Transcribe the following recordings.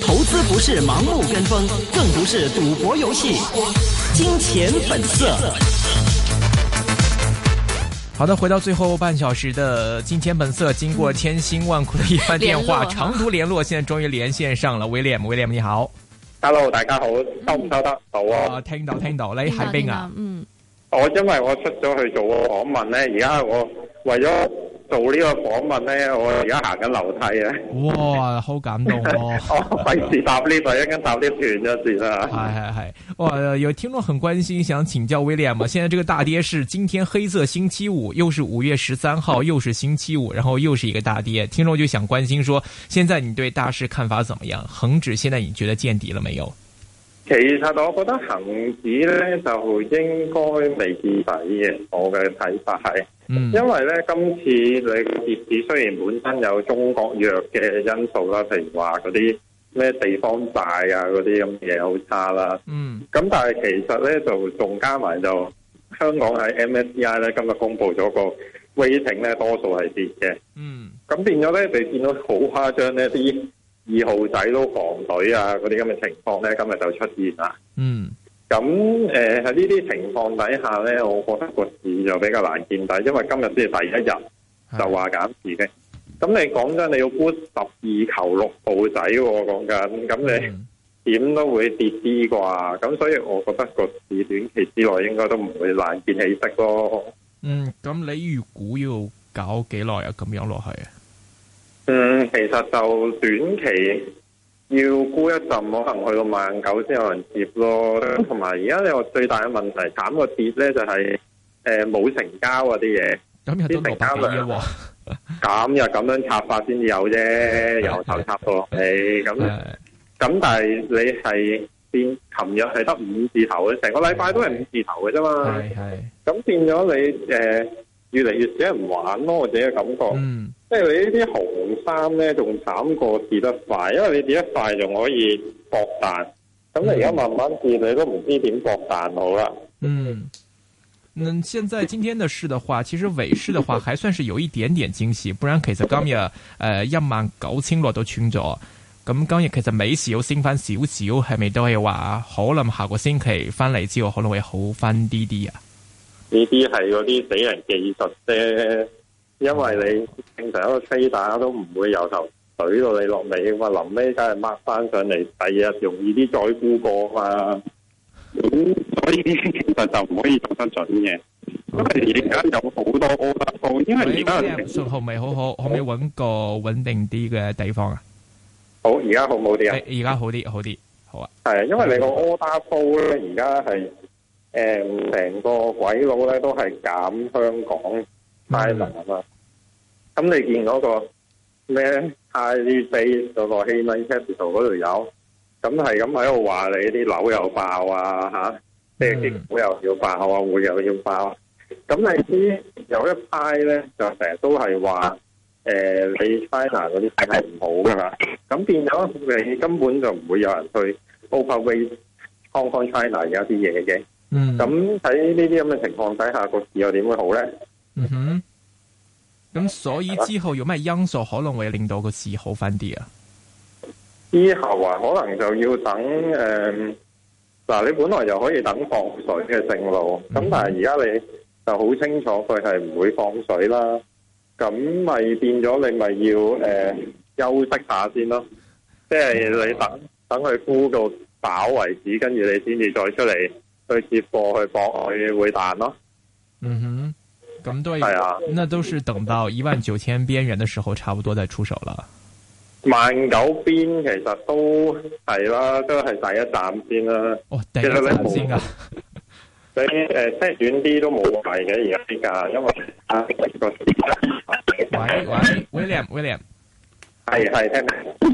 投資不是盲目跟風，更不是賭博遊戲。金錢本色。好的，回到最後半小時的金錢本色，經過千辛萬苦的一番電話長途聯絡，現在終於連線上了。William，William 你好。Hello，大家好，收唔收得到啊？聽到聽到，你喺邊啊？嗯，我因為我出咗去做訪問呢，而家我為咗。做呢個訪問呢，我而家行緊樓梯啊！ 哇，好感動哦！我費事搭呢度，一陣搭呢斷咗線啦。係係係，哇！有聽眾很關心，想請教 William 嘛？現在這個大跌，是今天黑色星期五，又是五月十三號，又是星期五，然後又是一個大跌。聽眾就想關心說，現在你對大市看法怎麼樣？恒指現在你覺得見底了沒有？其實我覺得恒指呢，就應該未見底嘅，我嘅睇法係。嗯、因為咧今次你個跌市雖然本身有中國弱嘅因素啦，譬如話嗰啲咩地方債啊嗰啲咁嘅嘢好差啦，嗯，咁但係其實咧就仲加埋就香港喺 MSCI 咧今日公布咗個 weighting 咧多數係跌嘅，嗯，咁變咗咧你見到好誇張呢啲二號仔都防隊啊嗰啲咁嘅情況咧今日就出現啦，嗯。咁誒喺呢啲情況底下咧，我覺得個市就比較難見底，因為今日先係第一日就話減持嘅。咁的你講緊你要沽十二球六號仔，喎，講緊，咁你點都會跌啲啩？咁所以我覺得個市短期之內應該都唔會難見起色咯。嗯，咁你預估要搞幾耐啊？咁樣落去啊？嗯，其實就短期。要沽一浸，可能去到萬九先有人接咯。同埋而家呢個最大嘅問題，慘過跌咧就係誒冇成交嗰啲嘢。咁有啲成交量，咁又咁樣插法先至有啫，的由頭插到落嚟。咁咁但係你係變琴日係得五字頭，成個禮拜都係五字頭嘅啫嘛。係，係的。咁變咗你誒。越嚟越少人玩咯，我自己嘅感覺。嗯，即係你呢啲紅衫咧，仲慘過跌得快，因為你跌得快仲可以搏彈。咁、嗯、你而家慢慢跌，你都唔知點搏彈好啦。嗯，嗯，現在今天的市嘅話，其實尾市嘅話，還算是有一點點驚喜，不然其實今日誒一萬九千落都穿咗，咁今日其實尾市有升翻少少，係咪都係話可能下個星期翻嚟之後可能會好翻啲啲啊？呢啲係嗰啲死人技術啫，因為你正常一個飛打都唔會由頭懟到你落尾嘅嘛，臨尾梗係抹翻上嚟第二日容易啲再估過嘛。咁所以啲技術就唔可以做得準嘅。因為而家有好多 order flow 因為而家訊號好唔好好，好可唔可以揾個穩定啲嘅地方啊？好，而家好唔好啲啊？而家好啲，好啲，好啊。係啊，因為你個 order flow 咧，而家係。誒成個鬼佬咧都係減香港 China 啊嘛，咁、mm hmm. 你見嗰個咩？泰迪嗰、那個 Henry Capital 嗰度有，咁係咁喺度話你啲樓又爆啊嚇，啲股又要爆，啊，會又要爆、啊。咁你知有一派咧就、 呃啊、成日都係話誒你 China 嗰啲係唔好㗎嘛，咁變咗你根本就唔會有人去 overweight Hong Kong China 一啲嘢嘅。咁喺呢啲咁嘅情況底下，個市又點會好咧？咁、嗯、所以之後有咩因素可能會令到個市好返啲啊？之後啊，可能就要等誒，嗱、呃、你本來就可以等放水嘅正路，咁、嗯、哼但係而家你就好清楚佢係唔會放水啦。咁咪變咗你咪要誒、呃、休息下先咯，即、就、係、是、你等等佢沽到飽為止，跟住你先至再出嚟。去接波去博去會彈咯，嗯哼，咁都係啊，那都是等到一萬九千邊緣嘅時候，差唔多再出手啦。萬九邊其實都係啦，都係第一站先啦。哦，第一站先啊，你誒即係遠啲都冇賣嘅而家啲價，因為啊喂喂， William William 係係聽。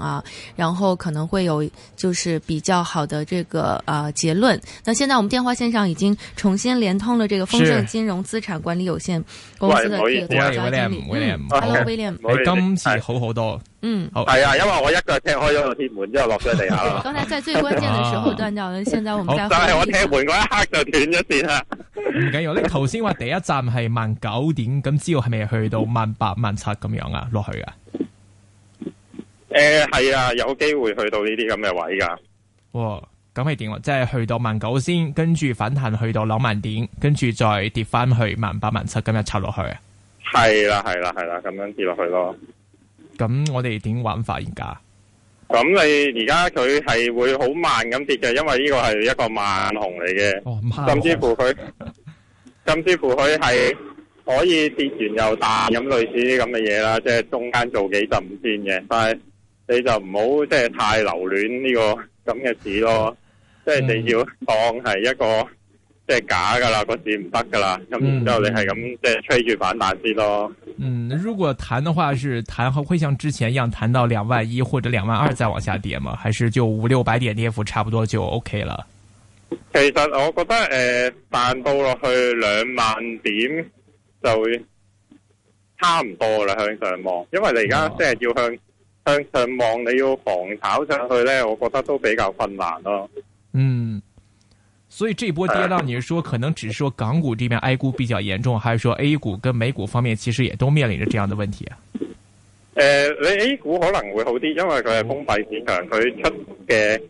啊，然後可能會有，就是比較好的這個，呃，結論。那現在我們電話線上已經重新連通了，這個豐盛金融資產管理有限公司的這個交易經理。唔會嘅，唔會嘅，唔會嘅。Hello，William，你今次好好多。嗯，好係啊，因為我一腳踢開咗個鐵門之後落咗地下啦。剛才在最關鍵的時候斷掉了，現在我們在恢復。但係我踢門嗰一刻就斷咗電啦。唔緊要，你頭先話第一站係萬九點，咁之後係咪去到萬八萬七咁樣啊？落去啊？誒，係、欸、啊，有機會去到呢啲咁嘅位噶。哇、哦，咁你點啊？即係去到萬九先，跟住反彈去到兩萬點，跟住再跌翻去萬八萬七，咁樣插落去啊？係啦、啊，係啦、啊，係啦，咁樣跌落去咯。咁、嗯、我哋點玩法而家？咁你而家佢係會好慢咁跌嘅，因為呢個係一個慢紅嚟嘅，哦、甚至乎佢，哦、 甚至乎佢係可以跌完又彈，咁類似啲咁嘅嘢啦，即係中間做幾陣先嘅，但係。你就唔好即係太留戀呢、這個咁嘅市咯，即係你要當係一個、嗯、即係假噶啦，個市唔得噶啦，咁之、嗯、後你係咁即係吹住反彈先咯。嗯，如果彈嘅話，是彈會會像之前一樣彈到兩萬一或者兩萬二再往下跌嘛？ 還是就五六百點跌幅差不多就 OK 啦？其實我覺得誒，彈、呃、到落去兩萬點就會差唔多啦，向上望，因為你而家即係要向。哦。向上望，常常你要防炒上去咧，我覺得都比較困難咯。嗯，所以這波跌到，你說、呃、可能只是說港股這邊挨股比較嚴重，還是說 A 股跟美股方面其實也都面臨着這樣的問題？誒、呃，你 A 股可能會好啲，因為佢係封閉市場，佢出嘅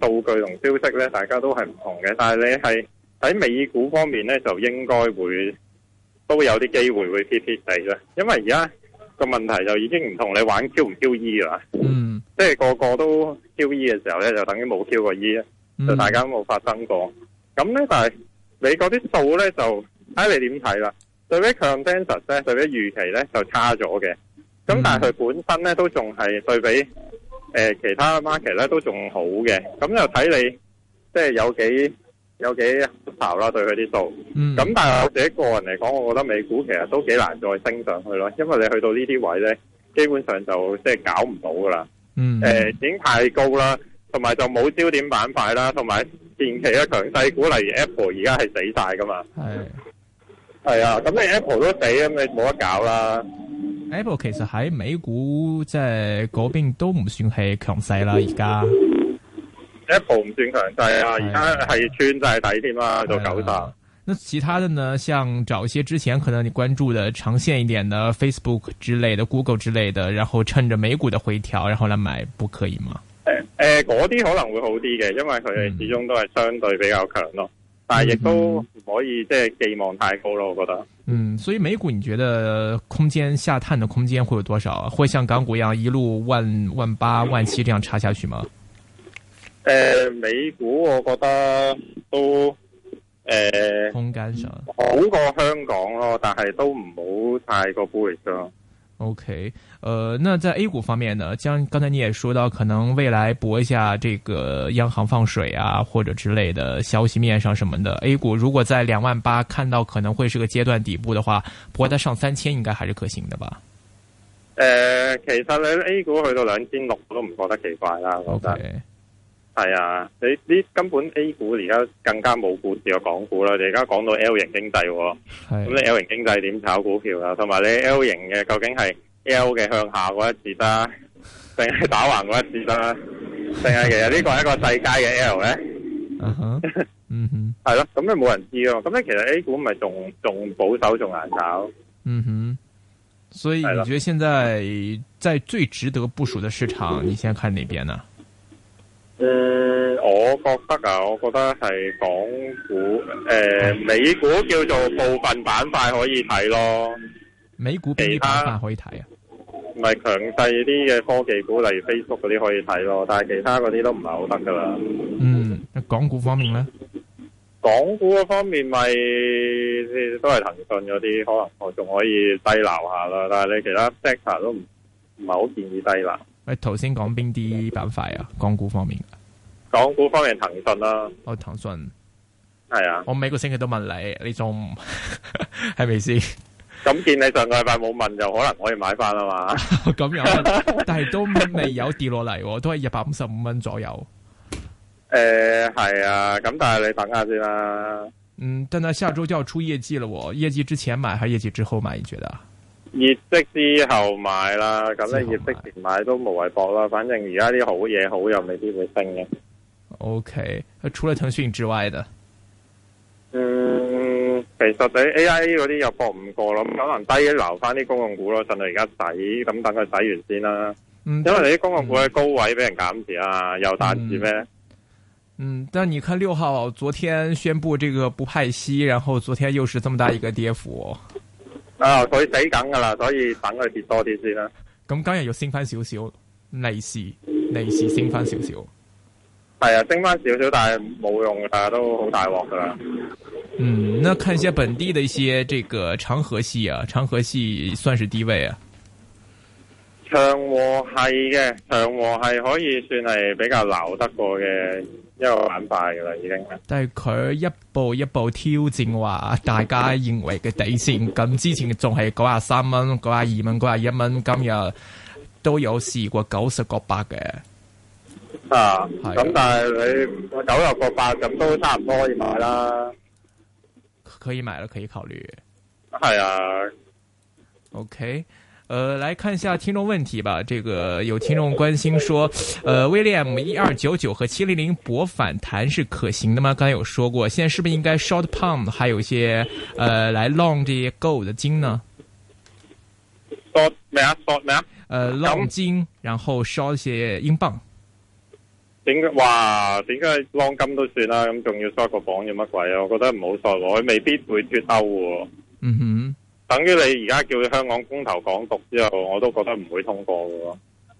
數據同消息咧，大家都係唔同嘅。但係你係喺美股方面咧，就應該會都會有啲機會會跌跌地啦，因為而家。個問題就已經唔同你玩 Q 唔 Q E 啦，嗯、即係個個都 Q E 嘅時候咧，就等於冇 Q 過 E 啊，就大家都冇發生過。咁咧、嗯，但係美國啲數咧就睇你點睇啦。對比強勢咧，對比預期咧就差咗嘅。咁但係佢本身咧都仲係對比誒其他 market 咧都仲好嘅。咁就睇你即係有幾有幾好睇啦，對佢啲數。咁但係我自己個人嚟講，我覺得美股其實都幾難再升上去咯，因為你去到呢啲位咧，基本上就即係搞唔到噶啦。嗯。誒，已經太高啦，同埋就冇焦點板塊啦，同埋前期嘅強勢股，例如 Apple，而家係死晒噶嘛。係。係啊，咁你 Apple 都死，咁你冇得搞啦。Apple 其實喺美股即係嗰邊都唔算係強勢啦，而家。Apple 唔算強勢、就是、啊，而家係穿咗底添啦，到九十。那其他的呢？像找一些之前可能你關注的長線一點的 Facebook 之類的、Google 之類的，然後趁着美股的回調，然後嚟買，不可以嗎？誒誒、嗯，嗰、呃、啲可能會好啲嘅，因為佢哋始終都係相對比較強咯。嗯、但係亦都唔可以、嗯、即係寄望太高咯，我覺得。嗯，所以美股你覺得空間下探的空間會有多少？會像港股一樣一路萬萬八萬七這樣插下去嗎？嗯誒、哦呃，美股我覺得都誒，呃、空間上好過香港咯，但係都唔好太過悲觀。O K，誒，那在 A 股方面呢？將剛才你也說到，可能未來搏一下這個央行放水啊，或者之類的消息面上什麼的，A 股如果在兩萬八看到可能會是個階段底部的話，搏得上三千應該還是可行的吧？誒、呃，其實你 A 股去到兩千六，我都唔覺得奇怪啦，OK。係啊，你呢根本 A 股而家更加冇故事嘅港股啦，你而家講到 L 型經濟，咁你 L 型經濟點炒股票啊？同埋你 L 型嘅究竟係 L 嘅向下嗰一市升，定係打橫嗰一市升，定係其實呢個係一個世界嘅 L 咧？嗯哼，嗯哼，係咯，咁就冇人知咯。咁你其實 A 股咪仲仲保守，仲難炒。嗯哼，所以你覺得現在在最值得部署的市場，你先看哪邊呢？誒、呃，我覺得啊，我覺得係港股誒、呃，美股叫做部分板塊可以睇咯。美股邊啲板塊可以睇啊？唔係強勢啲嘅科技股，例如 Facebook 嗰啲可以睇咯。但係其他嗰啲都唔係好得噶啦。嗯，港股方面咧？港股嗰方面咪，就是，都係騰訊嗰啲，可能我仲可以低撈下啦。但係你其他 sector 都唔唔係好建議低撈。喂，頭先講邊啲板塊啊？港股方面，港股方面騰訊啦、啊，哦，騰訊係啊，我每個星期都問你，你仲係咪先？咁 是見你上個禮拜冇問，就可能可以買翻啦嘛？咁樣，但係都未有跌落嚟，都係一百五十五蚊左右。誒，係啊，咁但係你等下先啦。嗯，但係下周就要出業績啦，業績之前買還是業績之後買？你覺得？業績之後買啦，咁咧業績前買都無謂搏啦，反正而家啲好嘢好又未必會升嘅。O K，佢除咗騰訊之外嘅，嗯，其實你 AIA 嗰啲又搏唔過啦，咁可能低啲留翻啲公共股咯，等佢而家洗，咁等佢洗完先啦。嗯，因為你啲公共股喺高位俾人減持啊，有膽子咩？嗯，但係你看六號昨天宣佈這個不派息，然後昨天又是這麼大一個跌幅。啊！佢死緊噶啦，所以等佢跌多啲先啦。咁今日要升翻少少，利是利是升翻少少。係啊，升翻少少，但係冇用，大家都好大鑊噶啦。嗯，那看一下本地的一些這個長和系啊，長和系算是低位啊。長和系嘅長和系可以算係比較撈得過嘅。一個板塊噶啦，已經。但係佢一步一步挑戰話大家認為嘅底線，咁 之前仲係九廿三蚊、九廿二蚊、九廿一蚊，今日都有試過九十個八嘅。啊，係、啊。咁但係你九十個八，咁都差唔多可以買啦。可以買啦，可以考慮。係啊。OK。呃，來看一下聽眾問題吧。這個有聽眾關心說，呃，William 一二九九和七零零博反彈是可行的嗎？剛才有說過，現在是不是應該 short pound，還有一些呃來 long 這些 gold 金呢？short 乜啊？short 乜啊？呃，long 金，樣然後 short 一些英鎊。點解哇？點解 long 金都算啦？咁仲要 short 個磅有乜鬼啊？我覺得唔好 short 哦，佢未必會脫歐嘅。嗯哼。等於你而家叫香港公投港獨之後，我都覺得唔會通過嘅。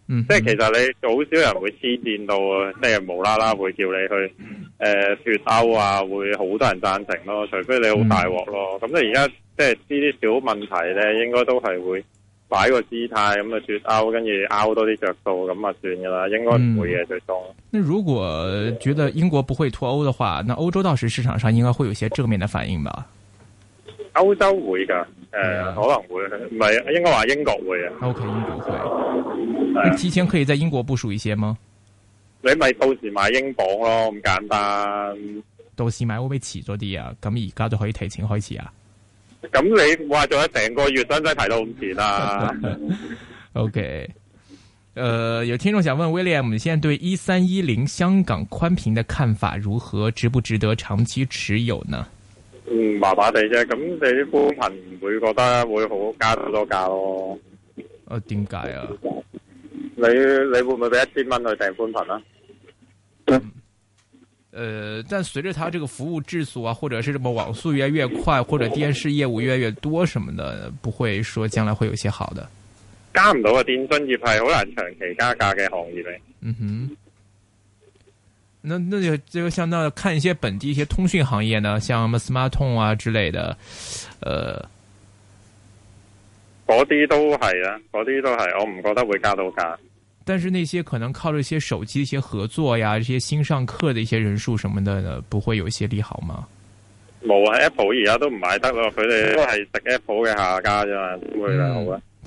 嗯，即係其實你好少人會黐綫到，即係無啦啦會叫你去誒脫歐啊，會好多人贊成咯。除非你好大鑊咯。咁你而家即係啲小問題咧，應該都係會擺個姿態咁啊脫歐，跟住拗多啲着數咁啊算噶啦，應該唔會嘅最終。那如果覺得英國不會脫歐的話，那歐洲到時市場上應該會有些正面的反應吧？歐洲會噶。誒，呃、Yeah. 可能會唔係，應該話英國會啊。O K，英國會。提、okay, Yeah. 前可以在英國部署一些嗎？你咪到時買英鎊咯，咁簡單。到時買坐，會唔會遲咗啲啊？咁而家就可以提前開始啊？咁你話仲有成個月，真真排到唔掂啦。O K，誒，有聽眾想問 William，現在對一三一零香港寬頻的看法如何？值不值得長期持有呢？嗯，麻麻地啫，咁你啲寬頻唔會覺得會好加多價咯，哦？啊，點解啊？你你會唔會俾一千蚊去訂寬頻啊？嗯。誒、呃，但隨着他這個服務質素啊，或者是什麼網速越嚟越快，或者電視業務越嚟越多，什麼的，不會說將來會有些好的？加唔到啊！電信業係好難長期加價嘅行業嚟。嗯哼。那那就就相當於看一些本地一些通訊行業呢，像咩 SmarTone 啊之類的，呃，嗰啲都係啊，嗰啲都係，我唔覺得會加到價。但是那些可能靠着一些手機一些合作呀，一些新上課的一些人數什麼的呢，不會有一些利好嗎？冇啊，Apple 而家都唔買得咯，佢哋都係食 Apple 嘅下家啫嘛，點會利好啊？嗯。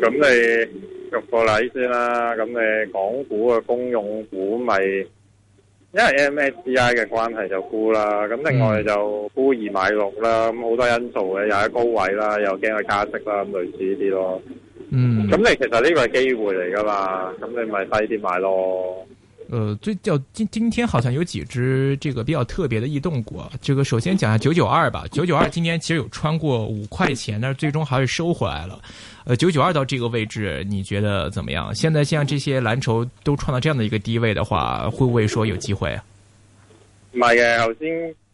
咁你入個例先啦，咁你港股嘅公用股咪，因為 MSCI 嘅關係就沽啦，咁另外就沽二買六啦，咁好多因素嘅，又喺高位啦，又驚佢加息啦，類似呢啲咯。嗯，咁你其實呢個係機會嚟噶嘛，咁你咪低啲買咯。呃，最叫今今天好像有幾隻這個比較特別的異動股。這個首先講一下九九二吧，九九二今年其實有穿過五塊錢，但是最終還是收回來了。呃，九九二到這個位置，你覺得怎麼樣？現在像這些藍籌都創到這樣的一個低位的話，會不會說有機會啊？唔係嘅，頭先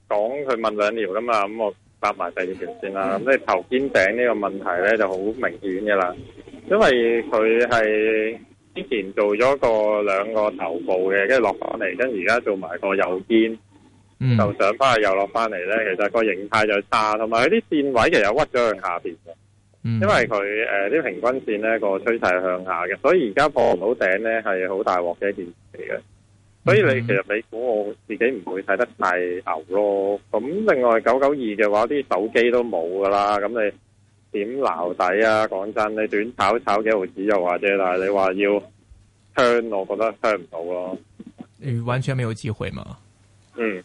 講佢問兩條㗎嘛，咁我答埋第二條先啦。咁你頭肩頂呢個問題咧就好明顯噶啦，因為佢係。之前做咗個兩個頭部嘅，跟住落翻嚟，跟住而家做埋個右肩，嗯、就上翻去又落翻嚟咧。其實個形態就差，同埋啲線位其實屈咗向下邊嘅，嗯、因為佢誒啲平均線咧個趨勢向下嘅，所以而家破唔到頂咧係好大鑊嘅一件事嚟嘅。所以你、嗯、其實你估我自己唔會睇得太牛咯。咁另外九九二嘅話，啲手機都冇噶啦。咁你。點撈底啊！講真，你短炒炒幾毫子又或者，但係你話要香，我覺得香唔到咯。你完全沒有機會嘛。嗯。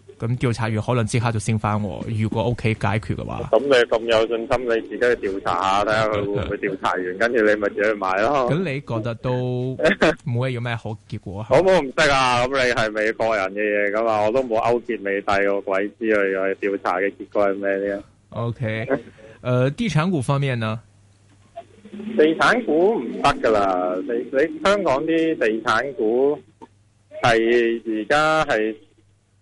咁調查完可能即刻就升翻。如果 OK 解決嘅話，咁你咁有信心，你自己去調查下，睇下佢會唔會調查完，跟住你咪自己去買咯。咁你覺得都唔會有咩好結果啊？好唔好唔識啊，咁你係美國人嘅嘢，咁嘛，我都冇勾結美帝個鬼知啊！去調查嘅結果係咩呢？OK，誒、呃，地產股方面呢？地產股唔得噶啦，你你香港啲地產股係而家係。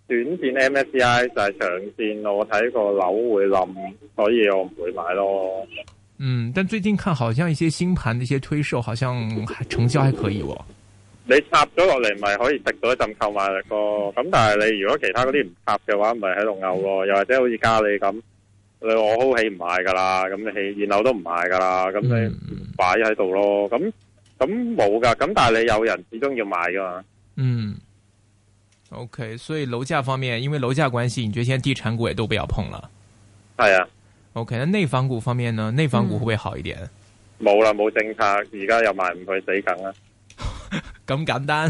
短線 MSCI 就係長線，我睇個樓會冧，所以我唔會買咯。嗯，但最近看，好像一些新盤一些推售，好像成交還可以喎，哦嗯。你插咗落嚟，咪可以頂到一陣購買力咯。咁但係你如果其他嗰啲唔插嘅話，咪喺度嘔咯。又或者好似加你咁，你我好起唔買噶啦，咁你起，現樓都唔買噶啦，咁你擺喺度咯。咁咁冇噶，咁但係你有人始終要買噶嘛？嗯。OK，所以樓價方面，因為樓價關係，你覺得現在地產股也都不要碰了。係啊，OK，那內房股方面呢？內房股會唔會好一點？冇啦、嗯，冇政策，而家又賣唔去，死梗啦。咁 簡單？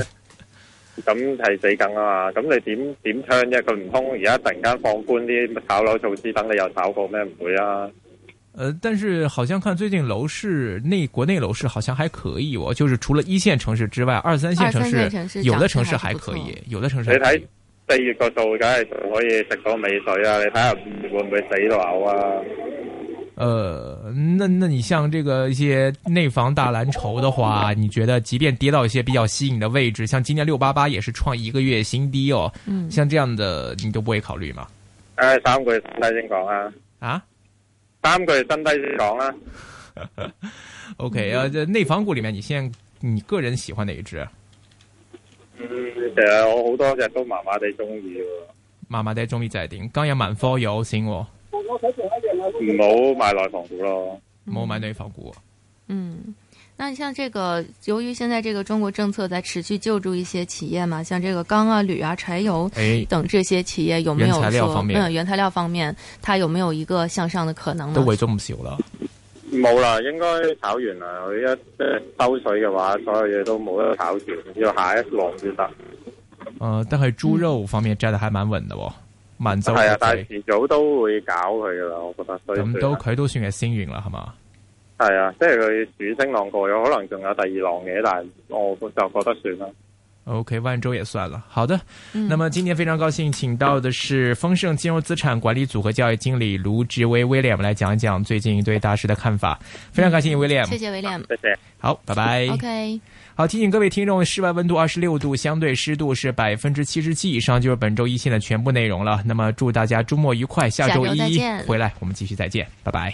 咁係 死梗啊嘛！咁你點點槍啫？佢唔通而家突然間放寬啲炒樓措施，等你又炒過咩？唔會啊！呃，但是好像看最近樓市內國內樓市好像還可以哦，就是除了一線城市之外，二三線城市有的城市還可以，有的城市。你睇四月個數梗係可以食到尾水啊！你睇下會唔會死牛啊？呃，那那你像這個一些內房大藍籌的話，你覺得即便跌到一些比較吸引的位置，像今年六八八也是創一個月新低哦，嗯、像這樣的你都不會考慮嗎？誒，三個月先講啊。啊？三個月新低先講啦。 OK，啊，內房股裏面，你現在你個人喜歡哪一隻？嗯，其實我好多隻都麻麻地中意嘅。麻麻地中意就係點？今日萬科有先、哦。我我唔好買內房股咯，唔好買內房股、嗯。嗯。那像這個，由於現在這個中國政策在持續救助一些企業嘛，像這個鋼啊、鋁啊、柴油等這些企業，有沒有說原嗯原材料方面，它有沒有一個向上的可能呢？都回咗唔少啦，冇啦，應該炒完啦。佢一、呃、收水嘅話，所有嘢都冇得炒住，要下一浪先得。呃，但係豬肉方面，真係還蠻穩的喎、哦，滿足係啊，但係遲早都會搞佢噶啦，我覺得。咁、嗯、都佢都算係先源啦，係嘛？係啊，即係佢主升浪過，有可能仲有第二浪嘅，但係我就覺得算啦。OK，萬州也算了。好的，嗯、那麼今天非常高興請到的是豐盛金融資產管理組合交易經理盧志威 William，來講一講最近對大市的看法。非常感謝 William。謝謝 William。謝謝。William、好，拜拜謝。Bye bye OK。好，提醒各位聽眾，室外溫度二十六度，相對濕度是百分之七十七以上，就是本周一線的全部內容了。那麼祝大家周末愉快，下周一下周回來我們繼續再見，拜拜。